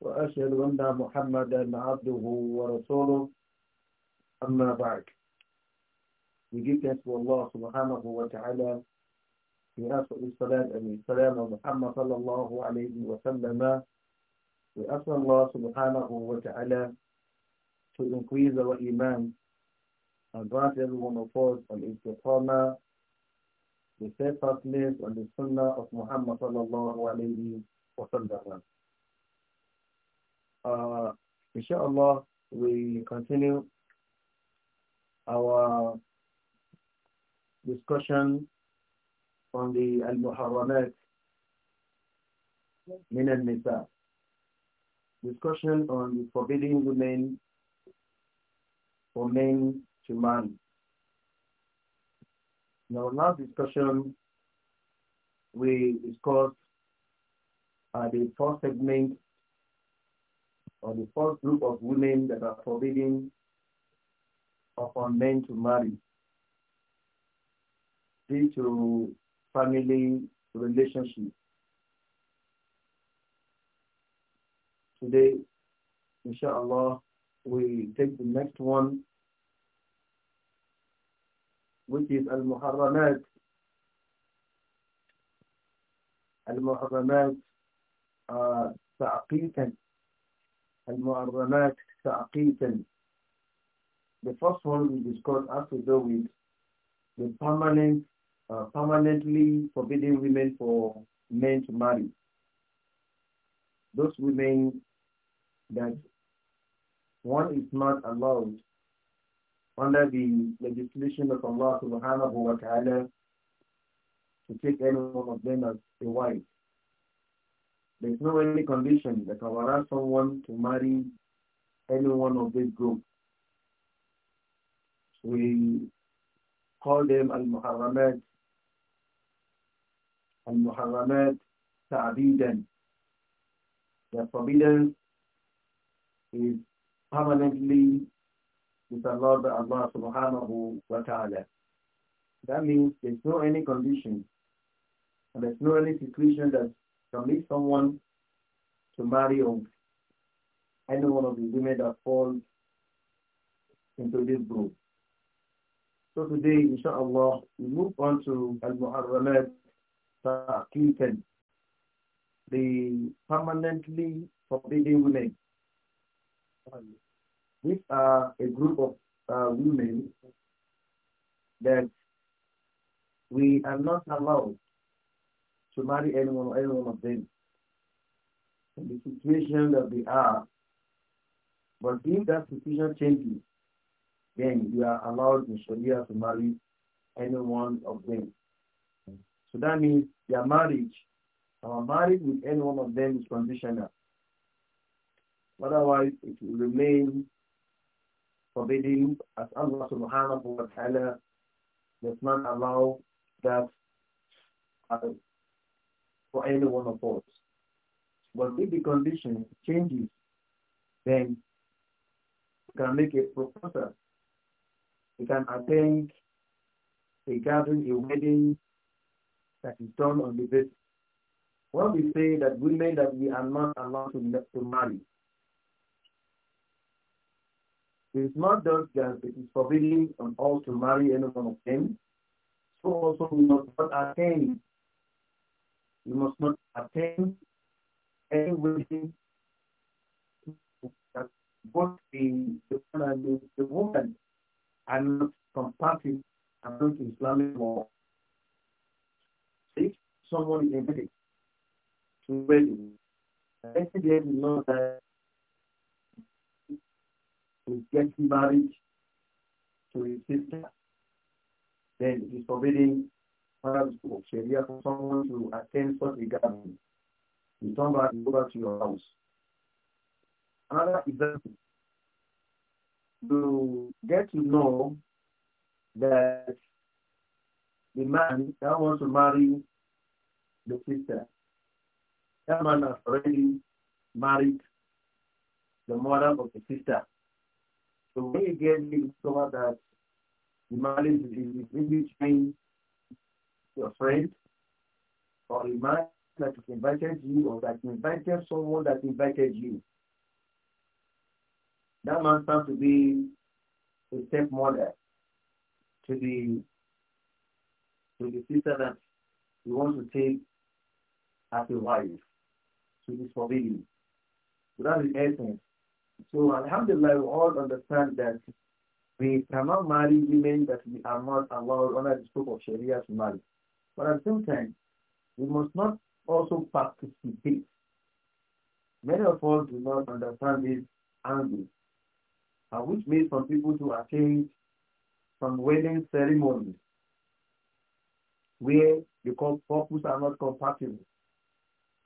وأشهد أن محمدا عبده ورسوله أما بعد بجدة والله سبحانه وتعالى في آخر الصلاة سلام محمد صلى الله عليه وسلم We ask Allah subhanahu wa ta'ala to increase our iman and grant everyone of us an istiqama, the steadfastness and the sunnah of Muhammad sallallahu alayhi wa sallam. uh, inshallah, we continue our discussion on the Al-Muharramat Min al-Nisa. Discussion on forbidding women for men to man. In our last discussion, we discussed uh, the first segment or the first group of women that are forbidden upon men to marry due to family relationship. Today, inshallah, we take the next one, which is Al-Muharramat. Al-Muharramat uh, المعرمات تعقيدا the first one we discussed has to do with the permanent, uh, permanently forbidding women for men to marry. Those women that one is not allowed under the legislation of Allah subhanahu wa ta'ala to take any one of them as a wife. There's no any condition that our Rasul someone to marry any one of this group. We call them al-muharramat, al-muharramat ta'abidan. The forbidden is permanently with Allah by Allah subhanahu wa ta'ala. That means there's no any condition and there's no any situation that meet someone to marry on any one of the women that falls into this group. So today, inshallah, we move on to Al-Muharramat Ta'aqiqan, the permanently forbidden women. These are a group of uh, women that we are not allowed to marry anyone or any one of them in the situation that they are. But if that situation changes, then you are allowed in Sharia to marry any one of them. So that means their marriage, our marriage with any one of them is conditional. Otherwise, it will remain forbidden as Allah subhanahu wa ta'ala does not allow that for any one of us. But if the condition changes, then we can make a proposal. We can attend a gathering, a wedding that is done on the basis. When we say that women that we are not allowed to, to marry, it is not just that it is forbidden on all to marry any one of them. So also we must not attend You must not attend any wedding that both the, the man and the, the woman are not compatible and not Islamic law. If someone is invited to wedding, let them know that to get married to his sister, then he's forbidden plans of Sharia for someone to attend such a gathering. You turn back and go back to your house. Another example, to get to know that the man that wants to marry the sister, that man has already married the mother of the sister. So when you get to discover that the marriage is in between your friend or a man that invited you or that invited someone that invited you. That man stands to be a stepmother to the to the sister that you want to take as a wife. So it is forbidden. So that is essence. So Alhamdulillah, we all understand that we cannot marry women that we are not allowed under the scope of Sharia to marry. But at the same time, we must not also participate. Many of us do not understand this angle, and which means some people to attend some wedding ceremonies where the couples are not compatible.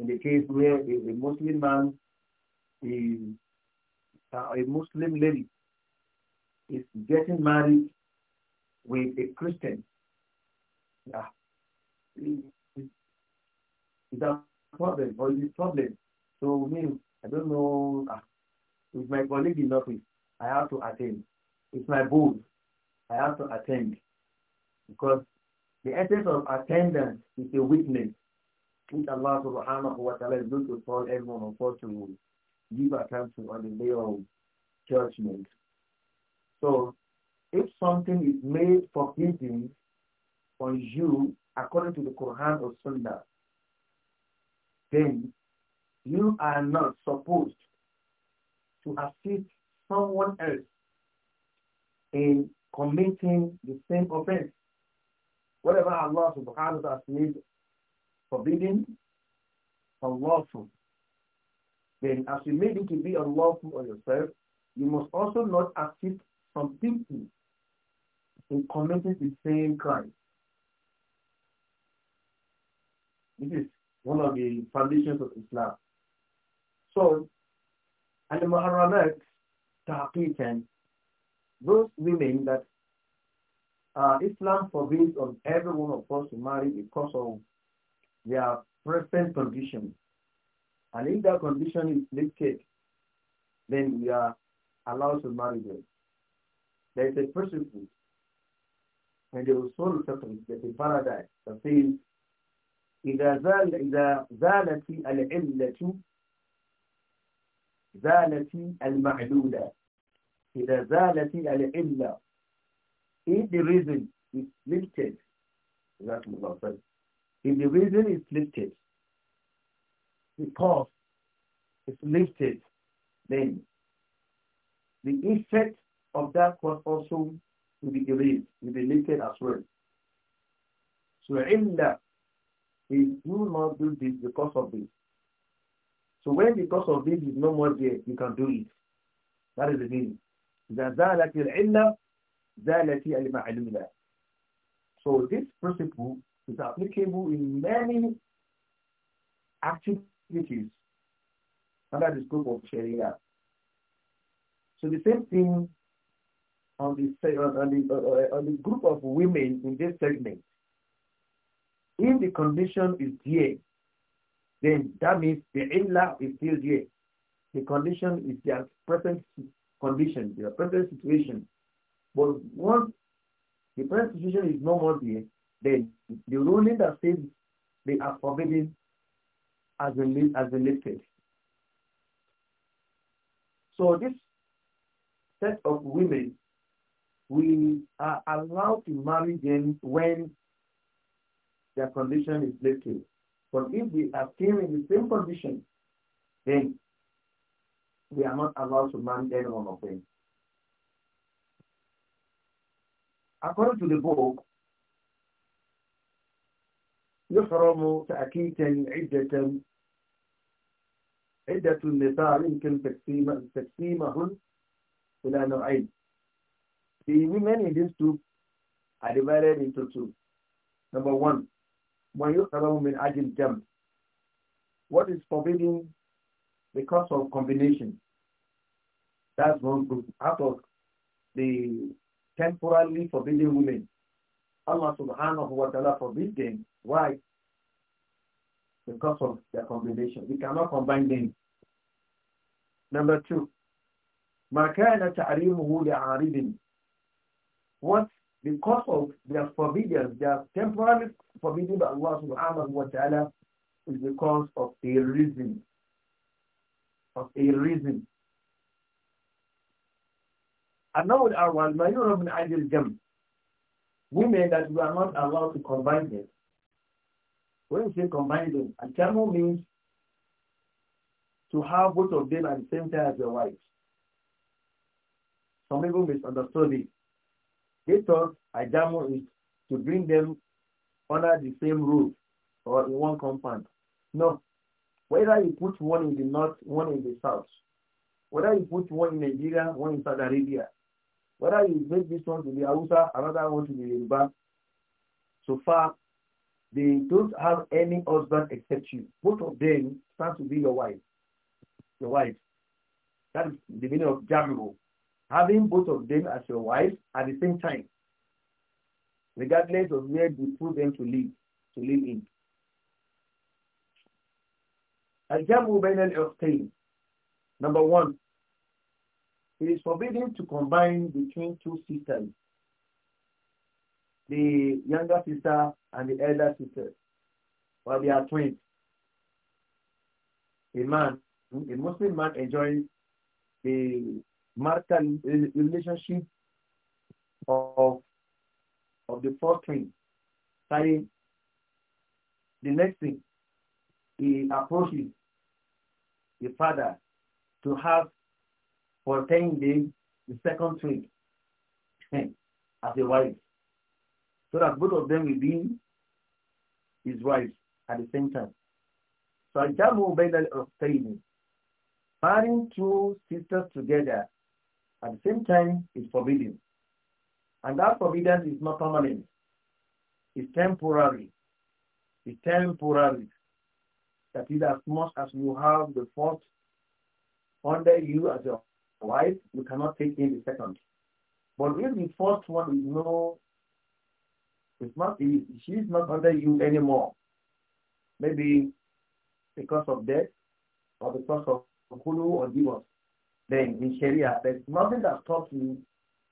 In the case where a, a Muslim man is uh, a Muslim lady is getting married with a Christian. Yeah, it's a problem or it's a problem. So me, I don't know. Ah, if my colleague in office, I have to attend. It's my boss. I have to attend because the essence of attendance is a witness which Allah subhanahu wa ta'ala is going to call everyone unfortunately us to give attention on the day of judgment. So if something is made for forbidding on you according to the Quran or Sunnah, then you are not supposed to assist someone else in committing the same offense. Whatever Allah subhanahu wa ta'ala has made forbidden, unlawful, then as you made it to be unlawful on yourself, you must also not assist some people in committing the same crime. It is is one of the foundations of Islam. So, and the Muharramat, Tahqiqan, those women that uh, Islam forbids on every one of us to marry because of their present condition. And if that condition is lifted, then we are allowed to marry them. There is a principle. And the so certain there's a paradise that says إذا زال إذا زالت العلة زالت المعلولة إذا زالت العلة if the reason is lifted جزاكم الله خير if the reason is lifted the cause is lifted then the effect of that was also will be erased will be lifted as well so علة We do not do this because of this. So when because of this is no more there, you can do it. That is the meaning. إذا العلة زالت المعلولة. So this principle is applicable in many activities under the scope of Sharia. So the same thing on the, on the, on the group of women in this segment. If the condition is here, then that means the illa is still here. The condition is their present condition, their present situation. But once the present situation is no more there, then the ruling that says they are forbidden as a as a lifted. So this set of women, we are allowed to marry them when their condition is lifted, But if we are still in the same condition, then we are not allowed to marry any one of them. According to the book, يحرم عدة عدة النساء يمكن تقسيم تقسيمهن إلى نوعين. The women in this group are divided into two. Number one, when you kalam min ajil jam. What is forbidden because of combination? That's one group. Out of the temporarily forbidden women, Allah subhanahu wa ta'ala forbid them. Why? Because of their combination. We cannot combine them. Number two, ما كان تعريمه لعارض. What because of their forbiddance, their temporary forbidden by Allah subhanahu wa ta'ala is because of a reason. Of a reason. النوع الأول ما يرى من عند Jam, women that we are not allowed to combine them. When we say combine them, a camel means to have both of them at the same time as their wives. Some people misunderstood it. They thought Ajamo is to bring them under the same roof or in one compound. No. Whether you put one in the north, one in the south, whether you put one in Nigeria, one in Saudi Arabia, whether you make this one to be Hausa, another one to be Yoruba, so far, they don't have any husband except you. Both of them stand to be your wife. Your wife. That is the meaning of Jamiro. having both of them as your wife at the same time, regardless of where you put them to live, to live in. Al-Jamu Bain al Number one, it is forbidden to combine between two sisters, the younger sister and the elder sister, while they are twins. A man, a Muslim man enjoys the marital eh, relationship of of the first thing. Sorry, the next thing he approaches the father to have for ten days the second twin eh, as a wife, so that both of them will be his wife at the same time. So I Jamu Bainal of Marrying two sisters together at the same time, it's forbidden. And that forbiddance is not permanent. It's temporary. It's temporary. That is as much as you have the first under you as your wife, you cannot take in the second. But if the first one is no, it's not, She's not under you anymore. Maybe because of death or because of hulu or divorce then in Sharia, there's nothing that stops you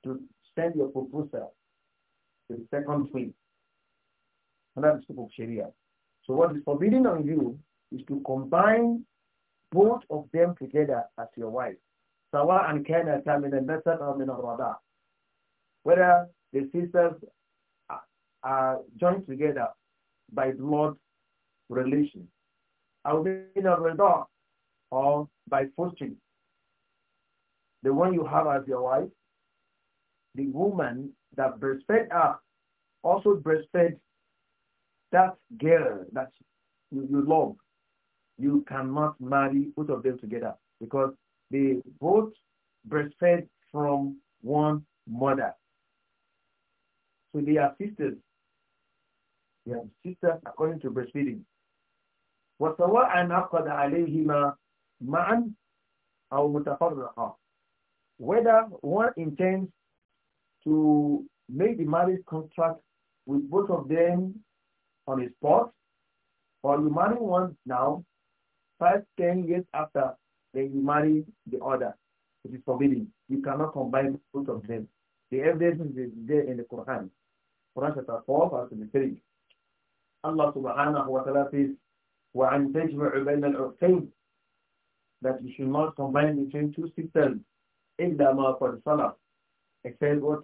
to send your proposal to the second twin. And that's the of Sharia. So what is forbidden on you is to combine both of them together as your wife. سواء كانت من النسب أو من الرضاع. Whether the sisters are joined together by blood relation. أو من or by fostering the one you have as your wife, the woman that breastfed her also breastfed that girl that you, you love. You cannot marry both of them together because they both breastfed from one mother. So they are sisters. They are sisters according to breastfeeding. وسواء عقد عليهما معا أو متفرقا whether one intends to make the marriage contract with both of them on the spot, or you marry one now, five, ten years after, then you marry the other. It is forbidden. You cannot combine both of them. The evidence is there in the Quran. Quran chapter 4, verse 23. Allah subhanahu wa ta'ala says, وَعَنْ تَجْمَعُ بَيْنَ الْعُقْتَيْنِ That you should not combine between two sisters indama qad salaf, said, what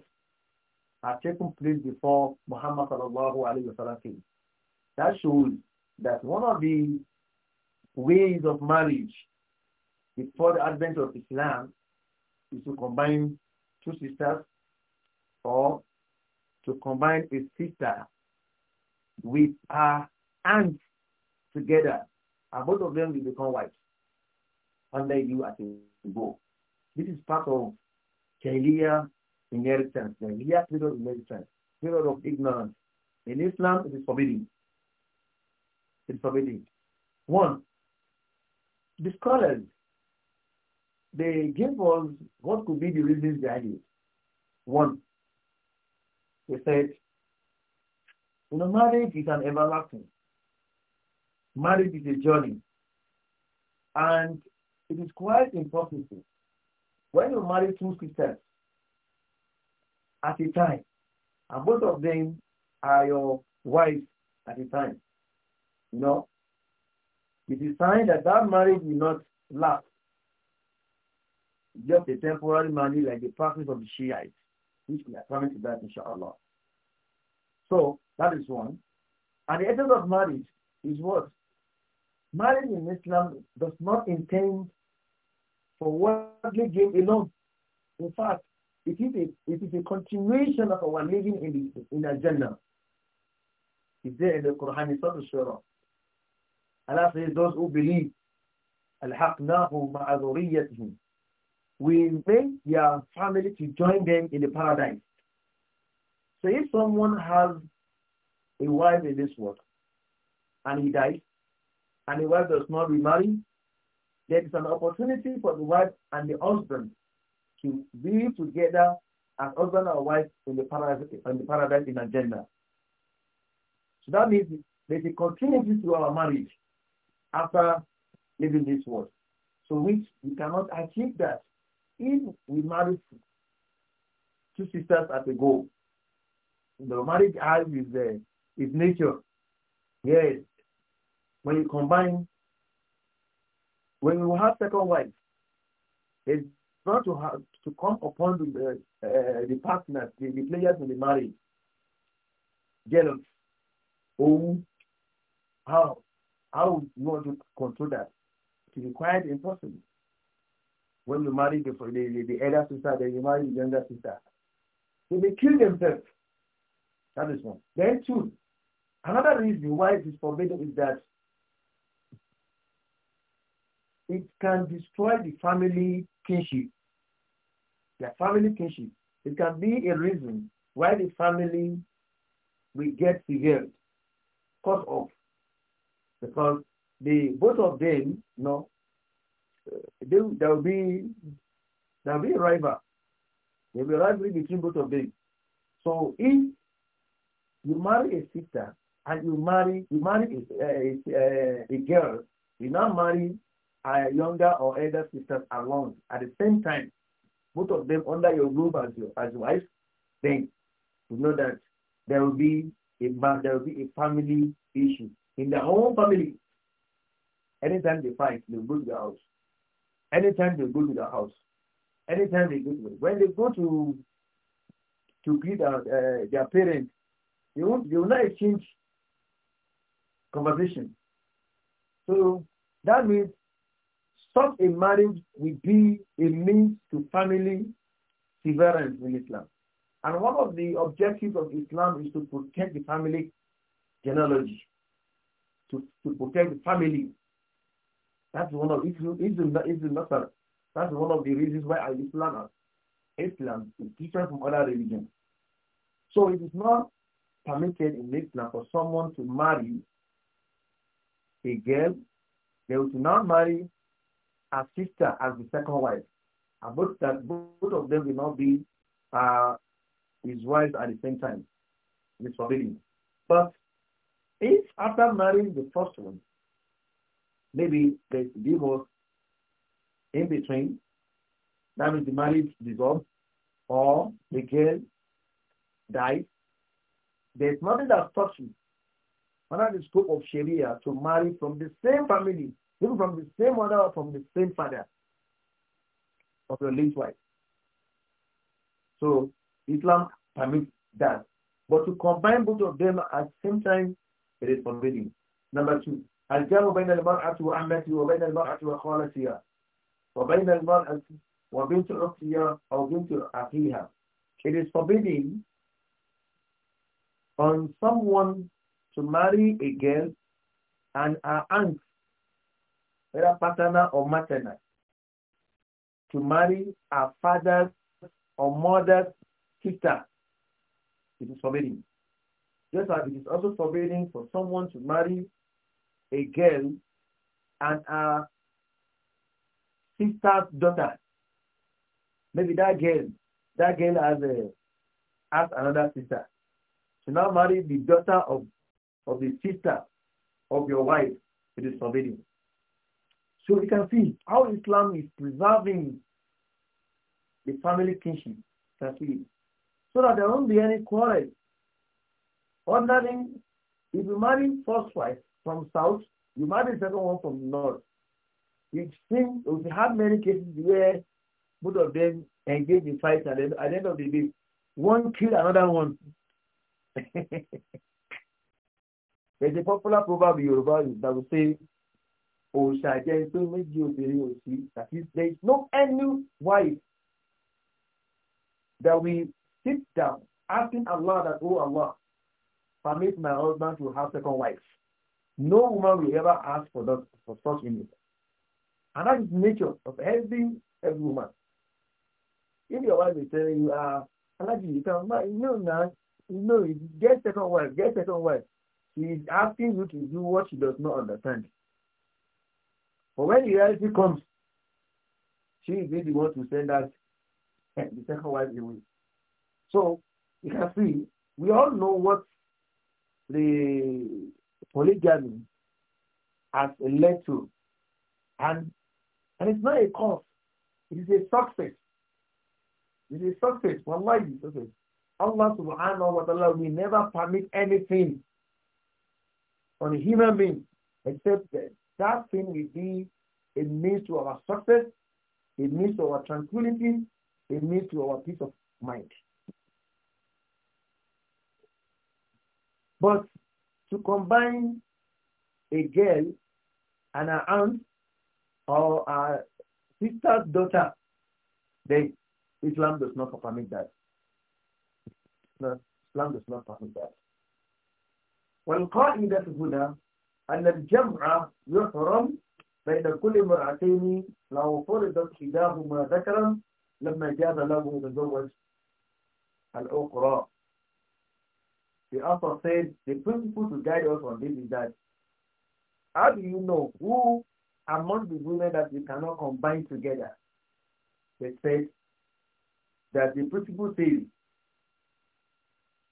had taken place before Muhammad sallallahu alayhi wa sallam came. That shows that one of the ways of marriage before the advent of Islam is to combine two sisters or to combine a sister with her aunt together and both of them will become wives under you as a go. This is part of Jahiliyyah inheritance, Jahiliyyah period inheritance, period of ignorance. In Islam, it is forbidden. It's forbidden. One, the scholars, they gave us what could be the reasons behind it. One, they said, you know, marriage is an everlasting. Marriage is a journey. And it is quite impossible When you marry two sisters at a time, and both of them are your wives at a time, you know, it is sign that that marriage will not last. Just a temporary marriage like the practice of the Shiites, which we are coming to that inshallah. So that is one. And the essence of marriage is what? Marriage in Islam does not intend for what you gave alone. In fact, it is a, it is a continuation of our living in the, in the Jannah. It's there in the Quran, it's not Surah. Allah says, those who believe, أَلْحَقْنَاهُمْ مَعَ We invite their family to join them in the paradise. So if someone has a wife in this world, and he dies, and the wife does not remarry, there is an opportunity for the wife and the husband to be together as husband and wife in the paradise in the paradise in agenda. So that means there's a continuity to our marriage after leaving this world. So which we cannot achieve that if we marry two sisters at a go. The marriage has is uh, is nature. Yes. When you combine When you have second wife, it's not to have to come upon the uh, uh the partners, the, the players in the marriage. Jealous. Oh, how? How would you want to control that? It is quite impossible. When you marry the, the, the, the elder sister, then you marry the younger sister. They may kill themselves. That is one. Then two, another reason why it is forbidden is that it can destroy the family kinship. The family kinship. It can be a reason why the family will get severed, cut off, because the both of them, you know, uh, they, there will be there will be a rival. There will be rivalry between both of them. So if you marry a sister and you marry you marry a, a, a, a girl, you now marry our younger or elder sisters along at the same time, both of them under your roof as your as wife, then you know that there will be a there will be a family issue in their own family. Anytime they fight, they go to the house. Anytime they go to the house. Anytime they go to when they go to to greet uh, their parents, they won't they will not exchange conversation. So that means Such a marriage will be a means to family severance in Islam. And one of the objectives of Islam is to protect the family genealogy, to, to protect the family. That's one of Islam, Islam, Islam, that's one of the reasons why Islam, Islam is different from other religions. So it is not permitted in Islam for someone to marry a girl. They will not marry as sister as the second wife. And both, that, both of them will not be uh, his wives at the same time. It's forbidden. But if after marrying the first one, maybe there's divorce in between, that means the marriage dissolved or the girl dies, there's nothing that stops you under the scope of Sharia to marry from the same family Even from the same mother or from the same father of your late wife. So Islam permits that. But to combine both of them at the same time, it is forbidden. Number two, الجمع بين المرأة وعمتي وبين المرأة وخالتها وبين المرأة وبنت أختها أو بنت أخيها. It is forbidden on someone to marry a girl and her aunt whether paternal or maternal, to marry a father's or mother's sister. It is forbidden. Just as it is also forbidden for someone to marry a girl and a sister's daughter. Maybe that girl, that girl has a has another sister. To now marry the daughter of of the sister of your wife, it is forbidden. So you can see how Islam is preserving the family kinship. That is, So that there won't be any quarrel. Ordering if you marry first wife from south, you marry the second one from north. It seems we have many cases where both of them engage in fights and then at the end of the day, one kill another one. There's a popular proverb in Yoruba that will say, òòṣà jẹ́ pé méjì obìnrin ò that is there is no any wife that we sit down asking Allah that oh Allah permit my husband to have second wife no woman will ever ask for that for such a need and that is nature of every every woman if your wife is telling you ah uh, alaji you can marry no na no get second wife get second wife she is asking you to do what she does not understand But when the reality comes, she is the one to send us eh, the second wife away. So you can see, we all know what the polygamy has led to. And, and it's not a cause. It is a success. It is a success. Wallahi, it a success. Allah subhanahu wa ta'ala will never permit anything on a human being except that That thing will be a means to our success, a means to our tranquility, a means to our peace of mind. But to combine a girl and her aunt or her sister's daughter, then Islam does not permit that. No, Islam does not permit that. والقاعدة هنا أن الجمع يحرم بين كل مرأتين لو فرضت إحداهما ذكرا لما جاز له تزوج الأخرى. The author said the principle to guide us on this is that how do you know who among the women that you cannot combine together? They said that the principle says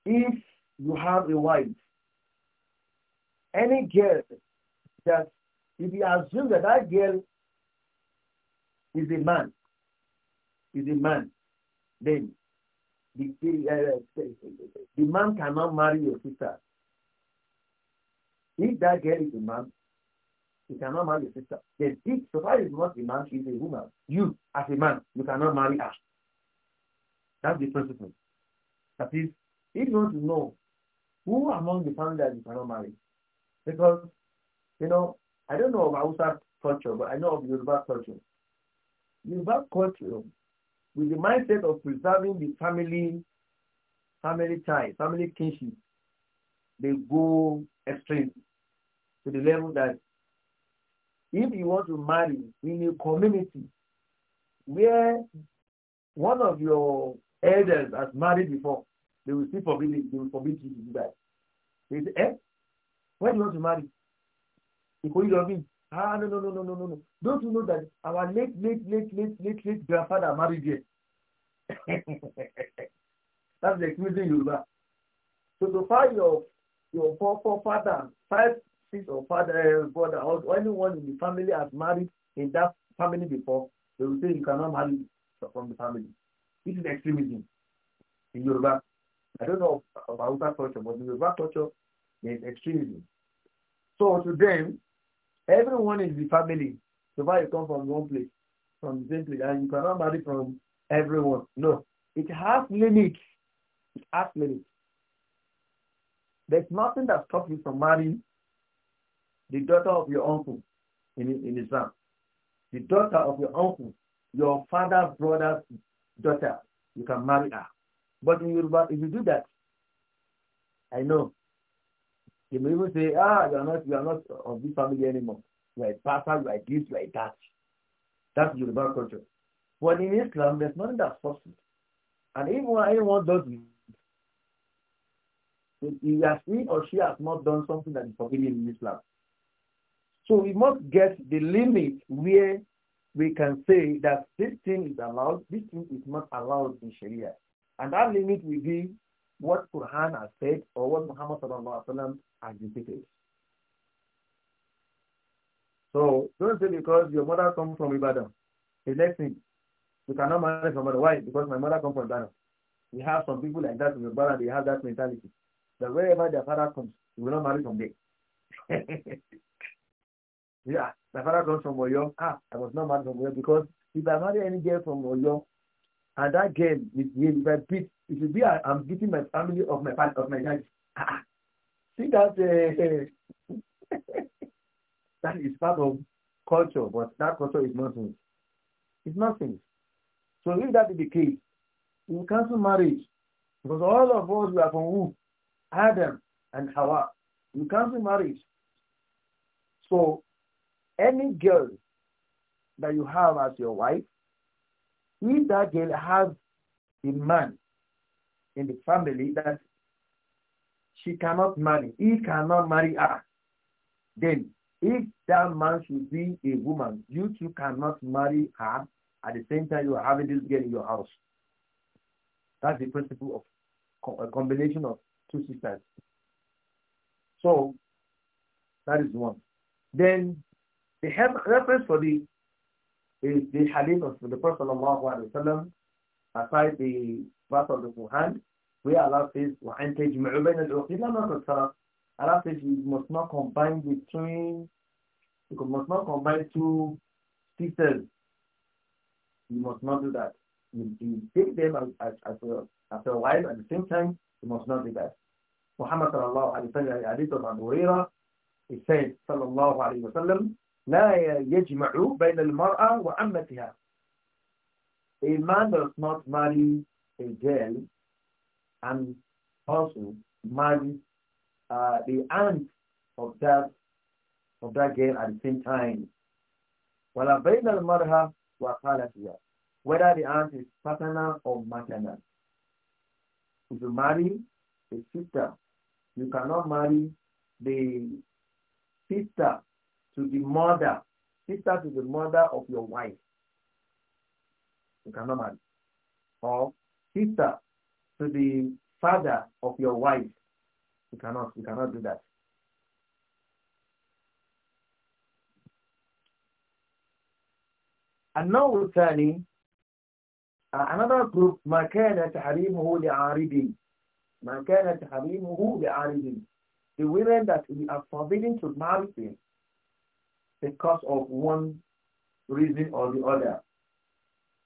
if you have a wife any girl that if you assume that that girl is a man, is a man, then the, the, uh, the man cannot marry your sister. If that girl is a man, he cannot marry your sister. Then if Sophia is not a man, she is a woman. You, as a man, you cannot marry her. That's the principle. That is, if you want to know who among the family that you cannot marry, Because, you know, I don't know of Hausa culture, but I know of Yoruba culture. Yoruba culture, with the mindset of preserving the family, family tie, family kinship, they go extreme to the level that if you want to marry in a community where one of your elders has married before, they will still forbid it, they will forbid you to do that. They say, eh, Why do you want to marry? Ìkòrí lọ bí. Ah no no no no no no Don't you know that our late late late late late late grandfather married here? That's the excusing Yoruba. So to find your your four four father, five six or father uh, brother or anyone in the family has married in that family before, they will say you cannot marry from the family. This is extremism in Yoruba. I don't know about that culture, but in Yoruba culture, There's extremism. So to them, everyone is the family. So far you come from one place, from the same place, and you cannot marry from everyone. No. It has limits. It has limits. There's nothing that stops you from marrying the daughter of your uncle in, in Islam. The daughter of your uncle, your father's brother's daughter, you can marry her. But in Yoruba, if you do that, I know They may even say, ah, you are not, you are not of this family anymore. You are a pastor, you are this, you are that. That's Yoruba culture. But in Islam, there's nothing that stops it. And even when anyone does it, he has, he or she has not done something that is forbidden in Islam. So we must get the limit where we can say that this thing is allowed, this thing is not allowed in Sharia. And that limit will be what Quran has said or what Muhammad sallallahu alaihi wasallam has dictated. So don't say because your mother comes from Ibadan. The next thing, you cannot marry from mother. Why? Because my mother comes from Ibadan. We have some people like that in Ibadan. They have that mentality that wherever their father comes, you will not marry from there. yeah, my father comes from Oyo. Ah, I was not married from Oyo because if I marry any girl from Oyo, and that girl if if I beat it will be uh, I am beating my family of my of my dad ah, ah see that uh, that is part of culture but that culture is nothing it's nothing so if that is the case we will cancel marriage because all of us we are from who Adam and Hawa we cancel marriage so any girl that you have as your wife if that girl has a man in the family that she cannot marry, he cannot marry her, then if that man should be a woman, you two cannot marry her at the same time you are having this girl in your house. That's the principle of a combination of two sisters. So that is one. Then the reference for the is the hadith of the Prophet ﷺ, aside the verse of the Quran, where Allah says, وَأَنْ تَجْمَعُ بَيْنَ الْأُخِيلَ مَا Allah says you must not combine between, you must not combine two sisters. You must not do that. You, take them as, as, as, a, as a wife at the same time, you must not do that. Muhammad sallallahu alayhi wa sallam, hadith Abu Hurairah, he said, sallallahu alayhi wa sallam, لا يجمع بين المرأة وعمتها. A man does not marry a girl and also marry uh, the aunt of that of that girl at the same time. ولا بين المرأة وخالتها. Whether the aunt is paternal or maternal. If you marry a sister, you cannot marry the sister to the mother. Sister to the mother of your wife. You cannot marry. Or sister to the father of your wife. You cannot, you cannot do that. النوع الثاني uh, another group ما كان the لعارض ما كان تحريمه لعارض the women that we are forbidden to marry them because of one reason or the other.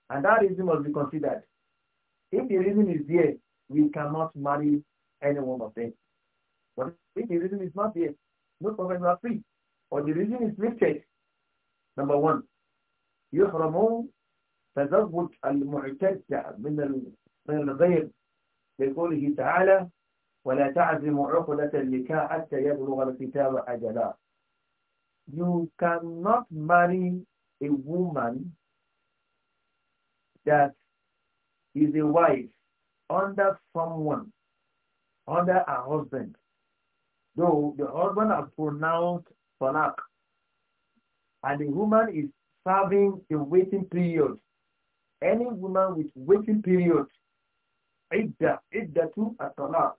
And that reason must be considered. If the reason is there, we cannot marry any one of them. But if the reason is not there, no problem, are free. Or the reason is lifted. Number one, يحرم تزوج المعتدة من من الغير لقوله تعالى ولا تعزم عقدة النكاح حتى يبلغ الكتاب أجله you cannot marry a woman that is a wife under someone, under a husband, though the husband has pronounced talaq, and the woman is serving a waiting period. Any woman with waiting period, idda, idda to a talaq,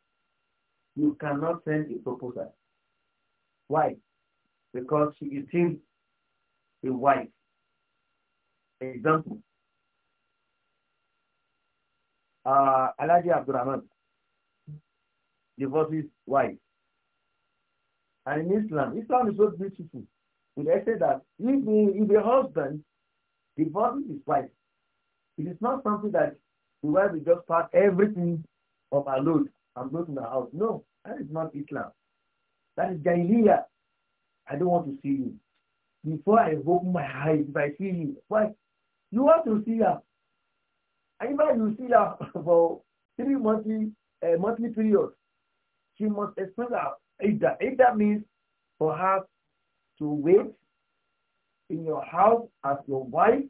you cannot send a proposal. Why? because she is still a wife. Example. Uh, Alaji Abdurrahman divorces wife. And in Islam, Islam is so beautiful. And they say that if if the husband divorces his wife, it is not something that the wife will just pack everything of her load and go to the house. No, that is not Islam. That is Jahiliyyah. I don't want to see you. Before I open my eyes, if I see you, why? You want to see her. And if I you see her for three monthly, uh, monthly period, she must expect her if that means for her to wait in your house as your wife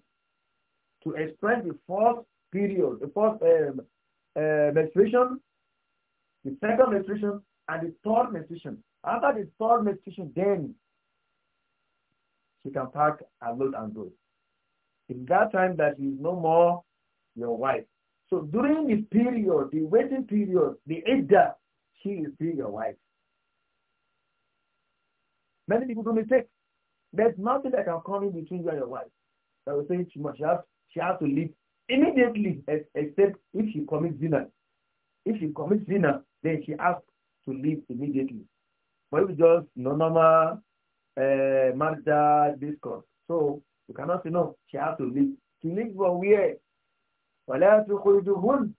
to express the first period, the first um, uh, menstruation, the second menstruation, and the third menstruation. After the third menstruation, then she can pack her load and go. In that time that is no more your wife. So during this period, the waiting period, the idda, she is still your wife. Many people do mistakes. There's nothing that can come in between you and your wife. That will say she must she has, she has to leave immediately, except if she commits zina. If she commits zina, then she has to leave immediately. But if just no normal uh, eh, marital discourse. So you cannot you know she has to live. She lives from where? ولا تخرجهن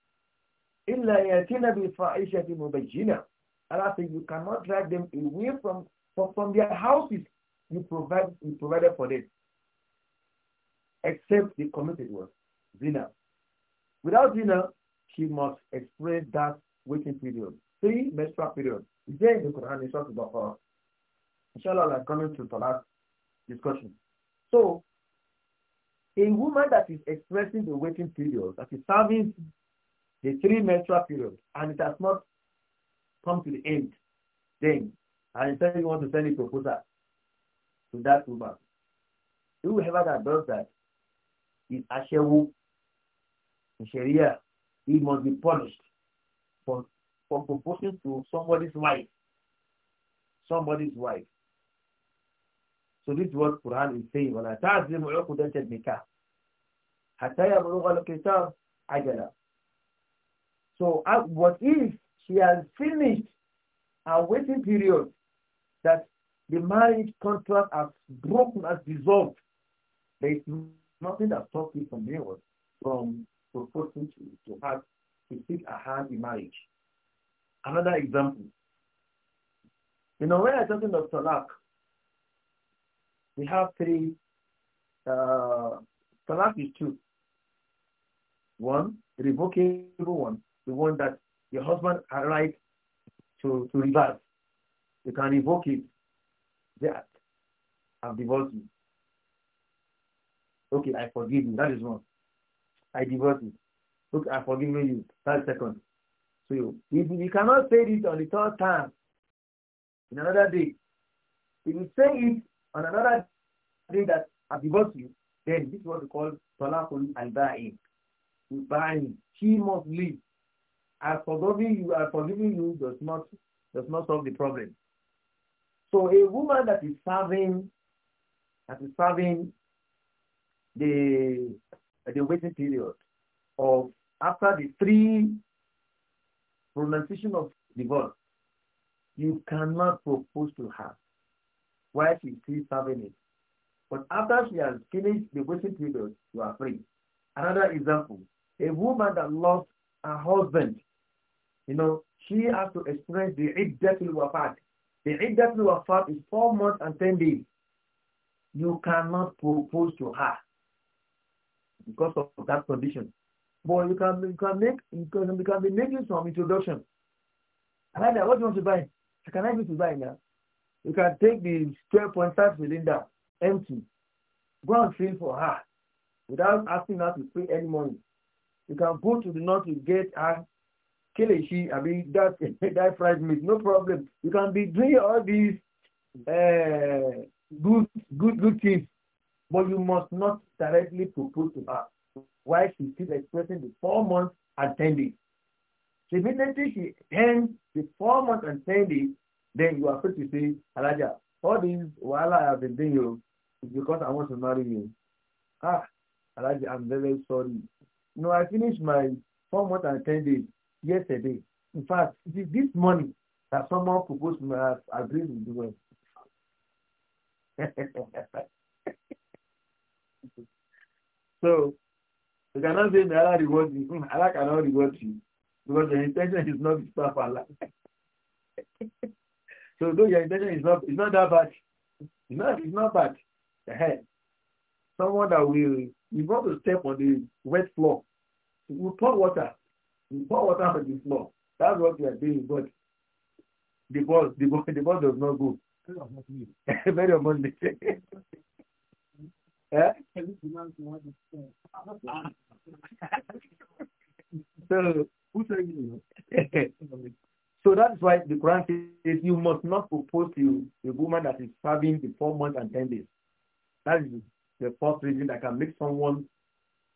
إلا يأتين بفاحشة And I say you cannot drive them away from from, from their houses. You provide you provided for them, except the committed was zina. Without zina, she must express that waiting period, three menstrual period. Then you in have Quran? It's talking about her. Inshallah, we are coming to the last discussion. So, a woman that is expressing the waiting period, that is serving the three menstrual periods, and it has not come to the end, then, and instead you want to send a proposal to that woman. Whoever that does that is Ashewu in Sharia. He must be punished for, for proposing to somebody's wife. Somebody's wife. So this is what Quran is saying. وَلَا تَعْزِمُ عُقُدَةَ النِّكَاحِ حَتَّى يَبْلُغَ الْكِتَابُ عَجَلًا So uh, what if she has finished her waiting period that the marriage contract has broken, has dissolved? There is nothing that stops you from doing from proposing to, to her to seek a hand in marriage. Another example. You know, when I'm talking of talak, we have three, uh, talaq is two. One, revocable one, the one that your husband has right to, to reverse. You can revoke it. That I've divorced you. Okay, I forgive you. That is one. I divorce you. Look, I forgive you. That's second. So you, if you cannot say it on the third time, in another day, if you say it And another thing that I divorce you, then this is what we call talaqul al-ba'i. Ba'i, He must leave. As forgiving you, as forgiving you does not does not solve the problem. So a woman that is serving that is serving the the waiting period of after the three pronunciation of divorce, you cannot propose to her while she still serving it. But after she has finished the waiting period, you are free. Another example, a woman that lost her husband, you know, she has to experience the iddatul wafat. The iddatul wafat is four months and ten days. You cannot propose to her because of that condition. But you can, you can make you can, you can be making some introduction. And I what do you want to buy? Can I be to buy now? You can take the 12.5 cylinder empty, go and fill for her without asking her to pay any money. You can go to the north to get her she. I mean, that, that fried meat, no problem. You can be doing all these uh, good, good, good things, but you must not directly propose to her Why she's still expressing the four months attending? ten days. So she ends the four months attending then you are free to say, Alaja, all these while I have been doing you oh, is because I want to marry you. Ah, Alaja, I'm very sorry. No, I finished my four months and ten days yesterday. In fact, it is this morning that someone proposed to me I agreed with the way. so you cannot say may Allah reward you. Mm, cannot reward you because the intention is not to stop Allah. So though your intention is not, it's not that bad. It's not, it's not bad. Ahead. Someone that will, you want to step on the wet floor. You pour water. You pour water on the floor. That's what you are doing. But the ball, the ball, the ball does not go. Very abundant. Yeah. so, who's said you? So that's why the Quran says you must not propose to a woman that is serving the four months and ten days. That is the first reason that can make someone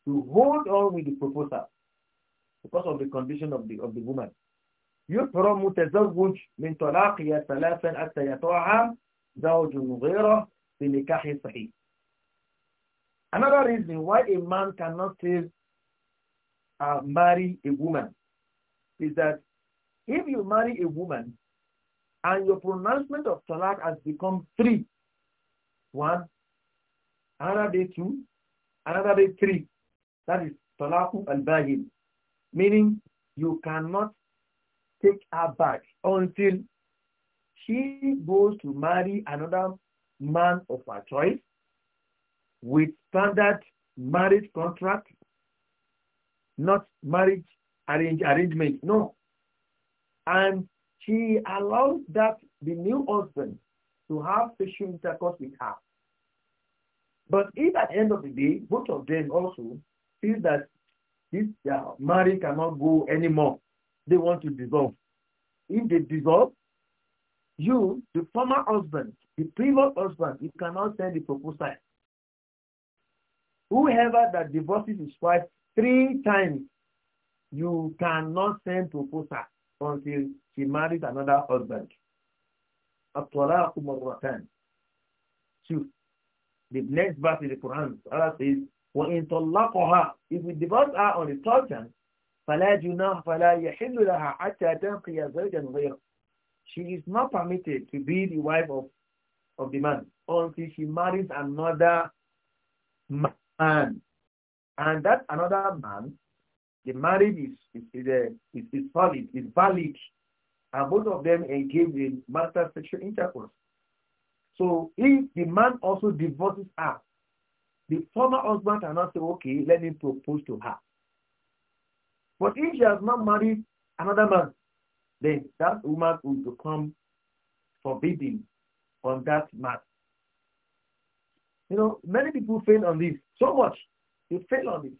to hold on with the proposal because of the condition of the of the woman. من ثلاثا زوج غيره في نكاح صحيح. Another reason why a man cannot still uh, marry a woman is that if you marry a woman and your pronouncement of talak has become three, one, another day two, another day three, that is talaku al-bahin, meaning you cannot take her back until she goes to marry another man of her choice with standard marriage contract, not marriage arrange, arrangement. No, and she allowed that the new husband to have sexual intercourse with her. But if at the end of the day, both of them also feel that this uh, marriage cannot go anymore, they want to dissolve. If they dissolve, you, the former husband, the previous husband, you cannot send the proposal. Whoever that divorces his wife three times, you cannot send proposal until she married another husband. At-talaq marratan. Two. The next verse in the Quran, Allah says, وَإِن طَلَّقُهَا If we divorce her on the third time, فَلَا جُنَاهُ فَلَا يَحِلُّ لَهَا حَتَّى تَنْقِيَ زَوْجًا غَيْرًا She is not permitted to be the wife of, of the man until she marries another man. And that another man the marriage is is is, a, uh, is, is is valid, and both of them engage in marital sexual intercourse. So if the man also divorces her, the former husband cannot say, okay, let me propose to her. But if she has not married another man, then that woman will become forbidden on that man. You know, many people fail on this so much. They fail on this.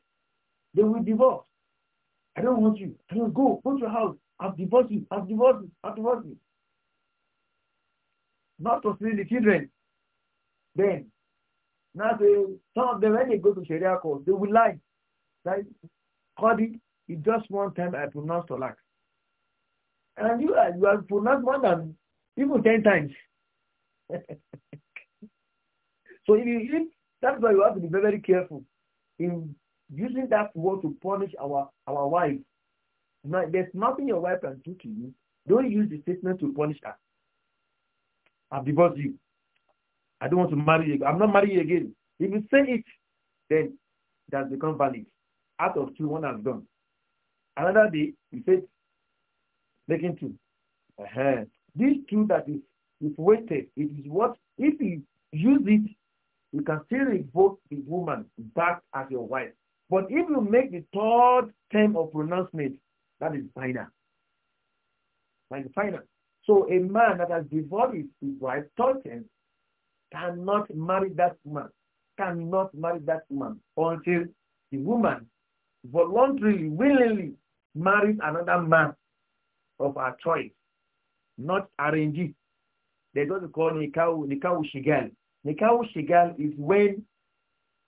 They will divorce. I don't want you. I don't go. Go to your house. I've divorced you. I've divorced you. I've divorced you. Not to see the children. Then, now they, some of them, when they go to Sharia court, they will lie. Like, Qadi, it's just one time I pronounced talak. And you are, uh, you are pronounced more than even 10 times. so if you, if, that's why you have to be very, very careful in using that word to punish our, our wife. Now, there's nothing your wife can do to you. Don't use the statement to punish her. I've divorced you. I don't want to marry you. I'm not marrying you again. If you say it, then that's become valid. Out of two, one has done. Another day, you say, making two. Uh-huh. These two that is, is wasted, it is what, if you use it, you can still revoke the woman back as your wife. But if you make the third term of pronouncement, that is final. That is final. So a man that has divorced his wife third time cannot marry that woman, cannot marry that woman until the woman voluntarily, willingly marries another man of her choice, not arranged. They don't call Nikau, Nikau Shigal. Nikau Shigal is when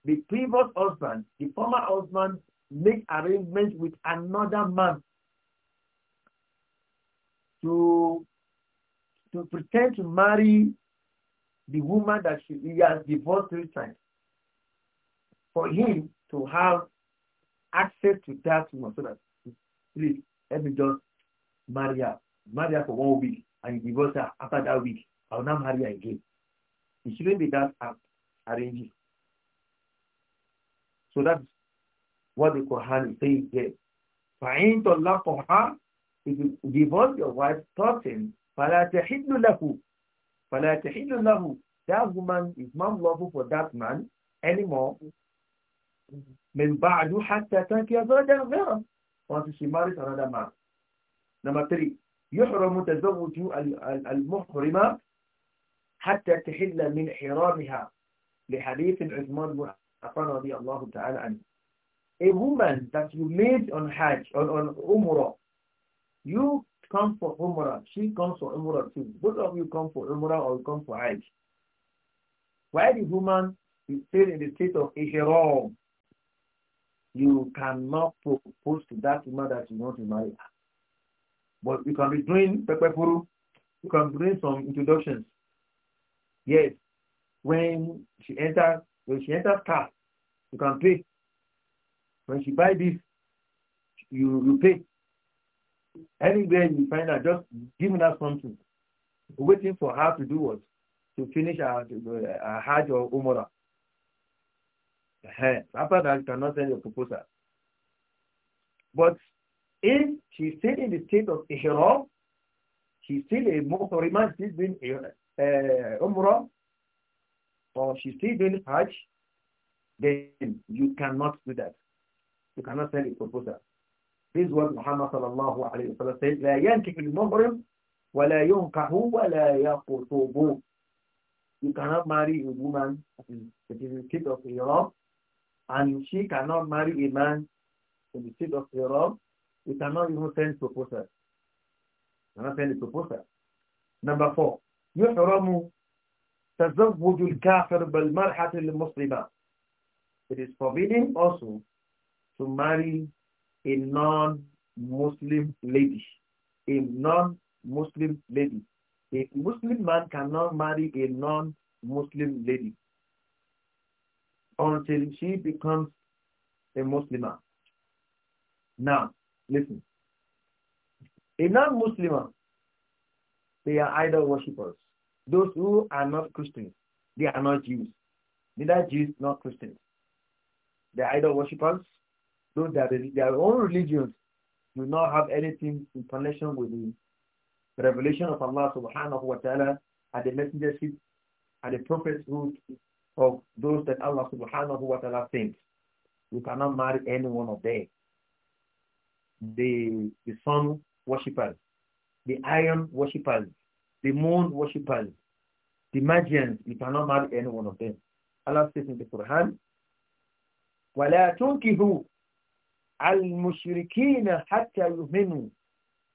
the previous husband, the former husband, make arrangements with another man to to pretend to marry the woman that she, he has divorced three times for him to have access to that woman so that please let me just marry her marry her for one week and divorce her after that week i will not marry her again it shouldn't be that uh, arranging So that's what the Quran is saying here. فَعِنْ طَلَّقُهَا If you divorce your wife, certain, فَلَا تَحِلُّ لَهُ فَلَا تَحِلُّ لَهُ That woman is not lawful for that man anymore. مِنْ بَعْدُ حَتَّى تَنْكِيَ زَوْجًا غَيْرًا Once she marries another man. Number three, يحرم تزوج المحرمة حتى تحل من حرامها لحديث عثمان بن Afan Radi Ta'ala and a woman that you made on Hajj, on, on Umrah, you come for Umrah, she comes for Umrah too. Both of you come for Umrah or come for Hajj. Why the woman is still in the state of Ihram? You cannot propose to that woman that you want to marry her. But you can be doing pepepuru. You can bring some introductions. Yes, when she enters When she enters car, you can pay. When she buy this, you, you pay. Anywhere you find her, just give her something. Waiting for her to do what? To finish her, Hajj or Umrah. After that, you cannot send your proposal. But if she's still in the state of Ihram, she's still a Muhrimah, she's been uh, Umrah, or she's still doing Hajj, then you cannot do that. You cannot send a proposal. This is what Muhammad sallallahu alayhi wa sallam said, لا ينكح المحرم ولا ينكح ولا يقصب. You cannot marry a woman that is in the state of Iran, and she cannot marry a man in the state of Iran. You cannot even send proposal. You cannot send a proposal. Number four, يحرم تزوج الكافر بالمرحة المسلمة. It is forbidden also to marry a non-Muslim lady. A non-Muslim lady. A Muslim man cannot marry a non-Muslim lady until she becomes a Muslim. Now, listen. A non muslim they are idol worshippers. Those who are not Christians, they are not Jews. Neither Jews nor Christians. They are idol worshippers, those that are their own religions do not have anything in connection with the revelation of Allah subhanahu wa ta'ala and the messengership and the prophethood of those that Allah subhanahu wa ta'ala thinks. You cannot marry any one of them. The, the sun worshippers, the iron worshippers, the moon worshippers, the Magians, you cannot marry any one of them. Allah says in the Quran, وَلَا تُنْكِهُ الْمُشْرِكِينَ حَتَّى يُؤْمِنُوا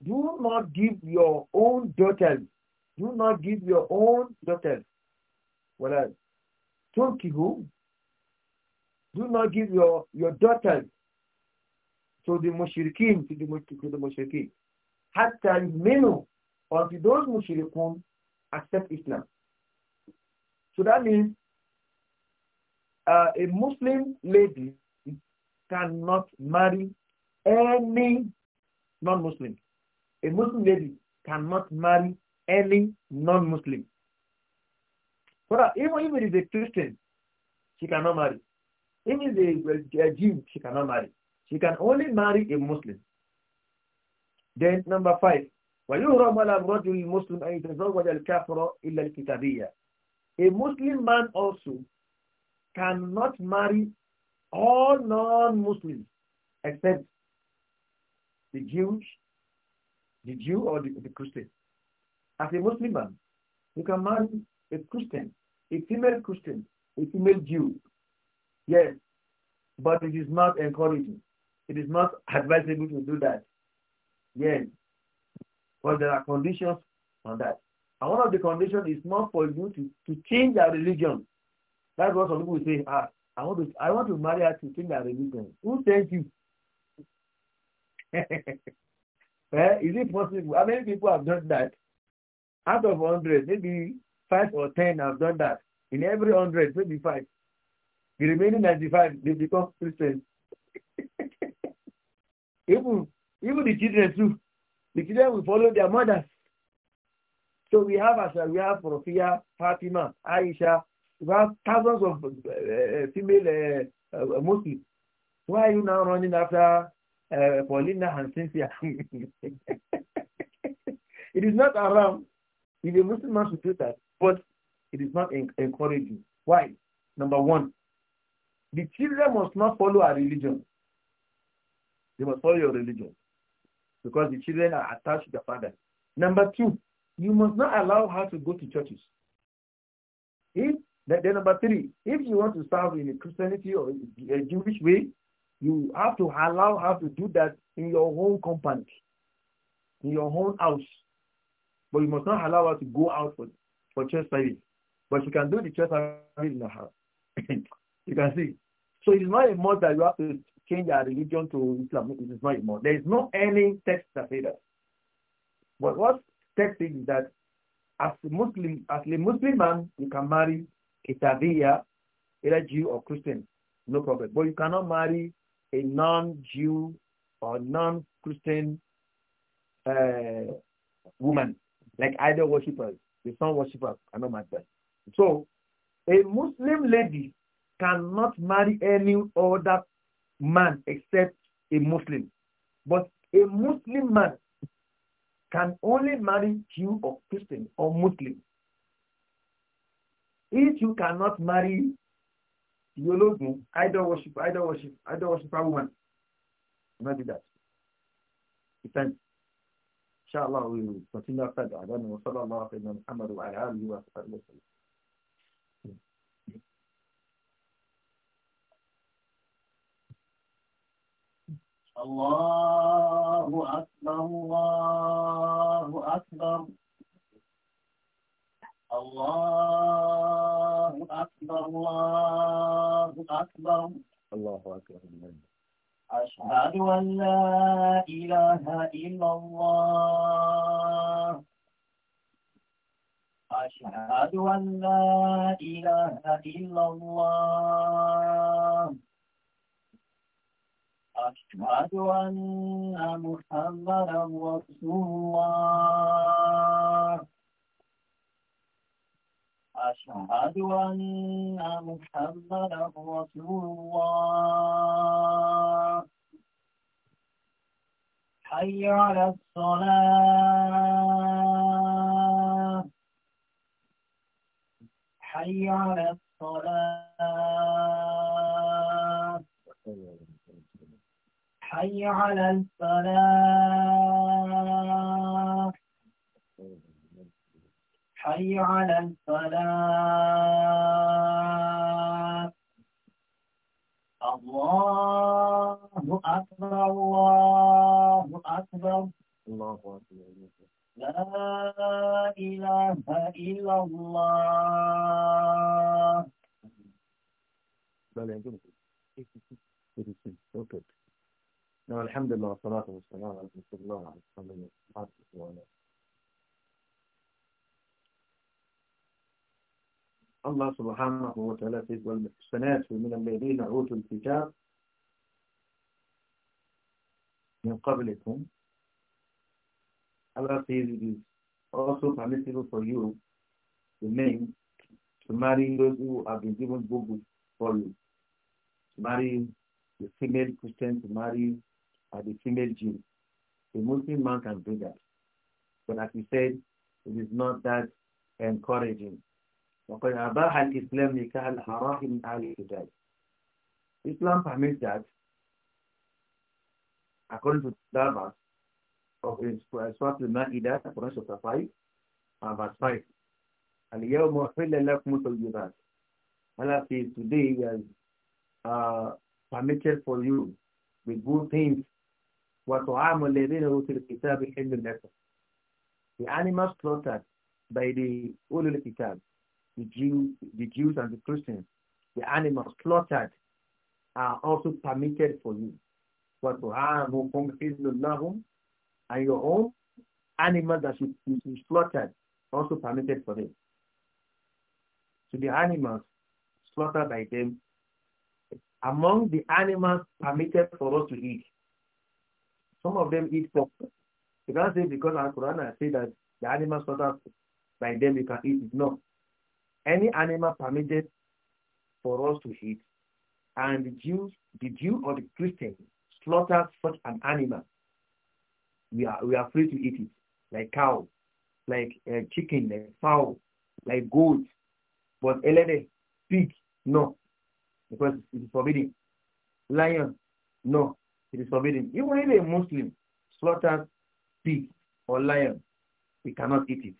Do not give your own daughters. Do not give your own daughters. وَلَا تُنْكِهُ Do not give your, your daughters to the mushrikeen, to the, to the mushrikeen. حَتَّى يُؤْمِنُوا until those mushrikun accept Islam. So that means uh, a Muslim lady cannot marry any non-Muslim. A Muslim lady cannot marry any non-Muslim. But even if it is a Christian, she cannot marry. Even if it is a Jew, she cannot marry. She can only marry a Muslim. Then number five, ويهرم على الرجل المسلم أن يتزوج الكافر إلا الكتابية. A Muslim man also cannot marry all non-Muslims except the Jews, the Jew or the, the Christian. As a Muslim man, you can marry a Christian, a female Christian, a female Jew. Yes, but it is not encouraging. It is not advisable to do that. Yes, But there are conditions on that. And one of the conditions is not for you to, to change your religion. That's what some people say, ah, I want to I want to marry her to change her religion. Who sent you? eh, is it possible? How many people have done that? Out of hundred, maybe five or ten have done that. In every hundred, maybe five. The remaining ninety-five, they become Christians. even even the children too. The children will follow their mothers. So we have as uh, we have Rofia, Fatima, Aisha, we have thousands of uh, uh, female uh, uh, Muslims. Why are you now running after uh, Paulina and Cynthia? it is not around. If a Muslim man should do that, but it is not en encouraging. Why? Number one, the children must not follow our religion. They must follow your religion. because the children are attached to the father. Number two, you must not allow her to go to churches. If then number three, if you want to serve in a Christianity or a Jewish way, you have to allow her to do that in your own company, in your own house. But you must not allow her to go out for, for church service. But you can do the church service in the house. you can see. So it's not a must that you have to change our religion to Islam. It is not anymore. There is no any text that says that. But what text is that as a Muslim, as a Muslim man, you can marry a Kitabiya, either Jew or Christian, no problem. But you cannot marry a non-Jew or non-Christian uh, woman, like idol worshippers, the sun worshippers, cannot marry that. So, a Muslim lady cannot marry any other man except a Muslim. But a Muslim man can only marry Jew or Christian or Muslim. If you cannot marry theologian, idol worship, idol worship, idol worshiper woman, you not do that. Depends. Inshallah, we will continue after that. I don't know. Sallallahu alayhi wa sallam. الله أكبر الله أكبر الله أكبر الله أكبر الله أكبر أشهد أن لا إله إلا الله أشهد أن لا إله إلا الله أشهد أن محمدا رسول الله أشهد أن محمدا رسول الله حي على الصلاة حي على الصلاة حي على الفلاح حي على الفلاح الله أكبر الله أكبر الله أكبر لا إله إلا الله. نعم، الحمد لله والصلاة والسلام على رسول الله وعلى آله وصحبه وسلم. الله سبحانه وتعالى في السنات من الذين أوتوا الكتاب من قبلكم على سيدنا also permissible for you the name to marry those who have been given book for you to marry the female Christian to marry at the female gene. the Muslim man can do that. But as we said, it is not that encouraging. وقد أباح الإسلام نكاح الحرائر من أهل الحجاز. Islam permits that, according to the verse of uh, Surah Al-Ma'idah, Quran chapter 5, verse 5. اليوم أحل لكم الطيبات. Allah says, today we uh, permitted for you the good things وطعام الذين أوتوا الكتاب حل لكم. The animals slaughtered by the Ulul the, Jew, the Jews and the Christians, the animals slaughtered are also permitted for you. وَطُعَامُكُمْ حِلٌّ لَهُمْ And your own animals that should be slaughtered also permitted for them. So the animals slaughtered by them, among the animals permitted for us to eat, Some of them eat pork. You can't say because our Quran I that the animal slaughtered by them you can eat it. No. Any animal permitted for us to eat. And the Jews, the Jew or the Christian slaughters such an animal. We are, we are free to eat it. Like cow, like uh, chicken, like fowl, like goat. But elede, pig, no. Because it's forbidden. Lion, no. It is forbidden. Even if a Muslim slaughters pig or lion, he cannot eat it.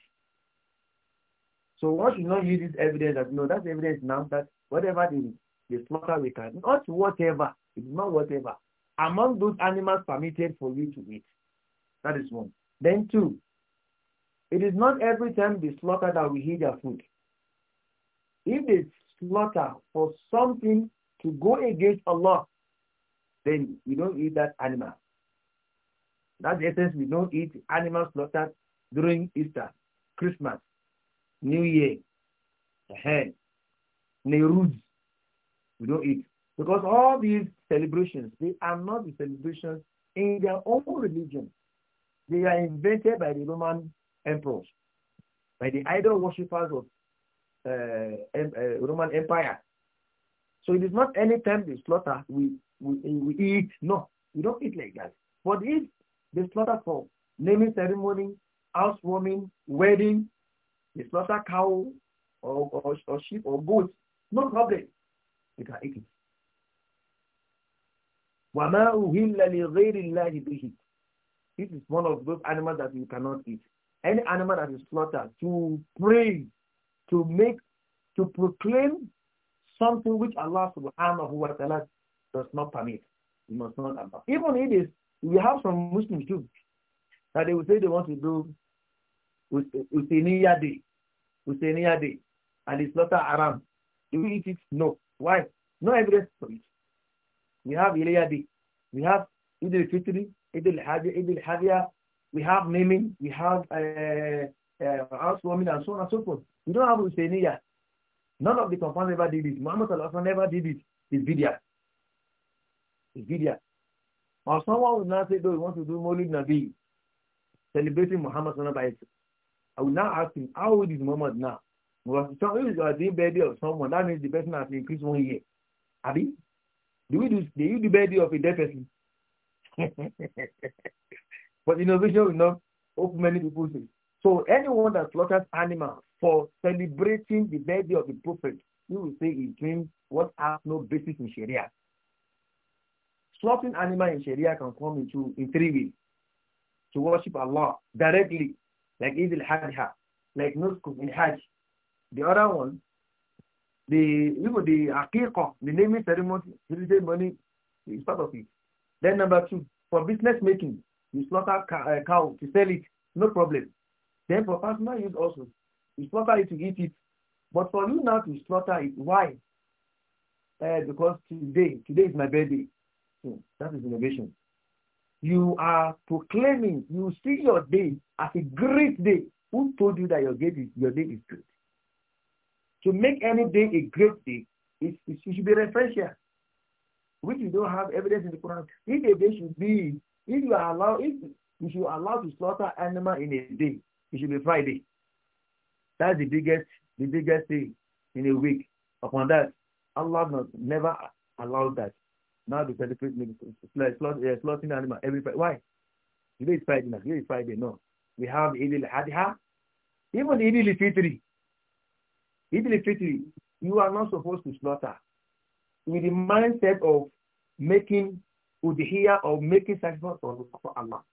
So one should not use this evidence as no, that's evidence now that whatever the, the slaughter we can, not whatever, it's not whatever. Among those animals permitted for you to eat. That is one. Then two, it is not every time they slaughter that we eat their food. If they slaughter for something to go against Allah, then we don't eat that animal. That's the essence. We don't eat animals slaughtered during Easter, Christmas, New Year, ahead, uh-huh, Nehruz. We don't eat. Because all these celebrations, they are not the celebrations in their own religion. They are invented by the Roman emperors, by the idol worshippers of uh, uh Roman Empire. So it is not any time they slaughter, we, we, we eat. No, we don't eat like that. But if they slaughter for naming ceremony, housewarming, wedding, they slaughter cow or, or, or sheep or goat, no problem. You can eat it. وَمَا أُهِلَّ لِغَيْرِ اللَّهِ بِهِ This is one of those animals that you cannot eat. Any animal that is slaughtered to pray, to make, to proclaim something which Allah subhanahu wa ta'ala does not permit. You must not allow. Even it is, we have some Muslims too, that they will say they want to do Useniya Day, Useniya Day, and it's not Aram. Do we eat it? No. Why? No evidence for it. We have Iliya Day. We have Eid Fitri, fitri Eid al-Hadiya. We have naming. We have uh, uh, housewarming and so on and so forth. We don't have Useniya. None of the companions ever did it. Muhammad Sallallahu never did it. It's video. It's video. Or someone would now say, though, he wants to do Maulid Nabi, celebrating Muhammad Sallallahu by itself. I would now ask him, how old is Muhammad now? Because if you are the birthday of someone, that means the person has increased one year. Abi? Do we do, do you do birthday of a dead person? but innovation will not open many people's So anyone that slaughters animals for celebrating the birthday of the prophet, we will say he dreamed what has no basis in Sharia. Slaughtering animal in Sharia can come into in three ways. To worship Allah directly, like Eid al-Hajjah, like Nusku in Hajj. The other one, the you know the aqiqah, the naming ceremony, ceremony is part of it. Then number two, for business making, you slaughter cow, uh, cow to sell it, no problem. Then for personal use also, You slaughter it to eat it. But for you now to slaughter it, why? Uh, because today, today is my birthday. So that is innovation. You are proclaiming, you see your day as a great day. Who told you that your day is, your day is good? To make any day a great day, it, it, it should be referential, which you don't have evidence in the Quran. If a day should be, if you are allowed, if you should allow to slaughter animal in a day, it should be Friday. That's the biggest, the biggest thing in a week. Upon that, Allah not, never allowed that. Now they celebrate like slaughtering slot, animal every Friday. Why? Today is Friday now. Today is Friday. No, we have Eid al-Adha. Even Eid al-Fitri. Eid al-Fitri, you are not supposed to slaughter. With the mindset of making udhiyah or making sacrifice for Allah.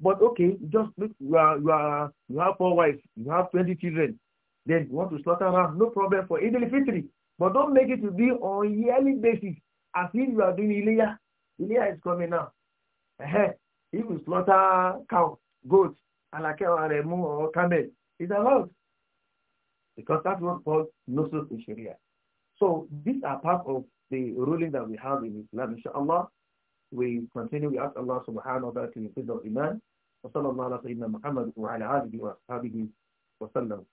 But okay, just look, you are, you are, you have four wives, you have 20 children. Then you want to slaughter ram, no problem for Eid al But don't make it to be on yearly basis as if you are doing Ilia. Ilia is coming now. If you slaughter cow, goat, like or remu or camel, it's allowed. Because that's what called Nusul in Sharia. So these are part of the ruling that we have in Islam, inshallah. We continue, we ask Allah subhanahu wa ta'ala to increase our iman. وصلى الله على سيدنا محمد وعلى آله وأصحابه وسلم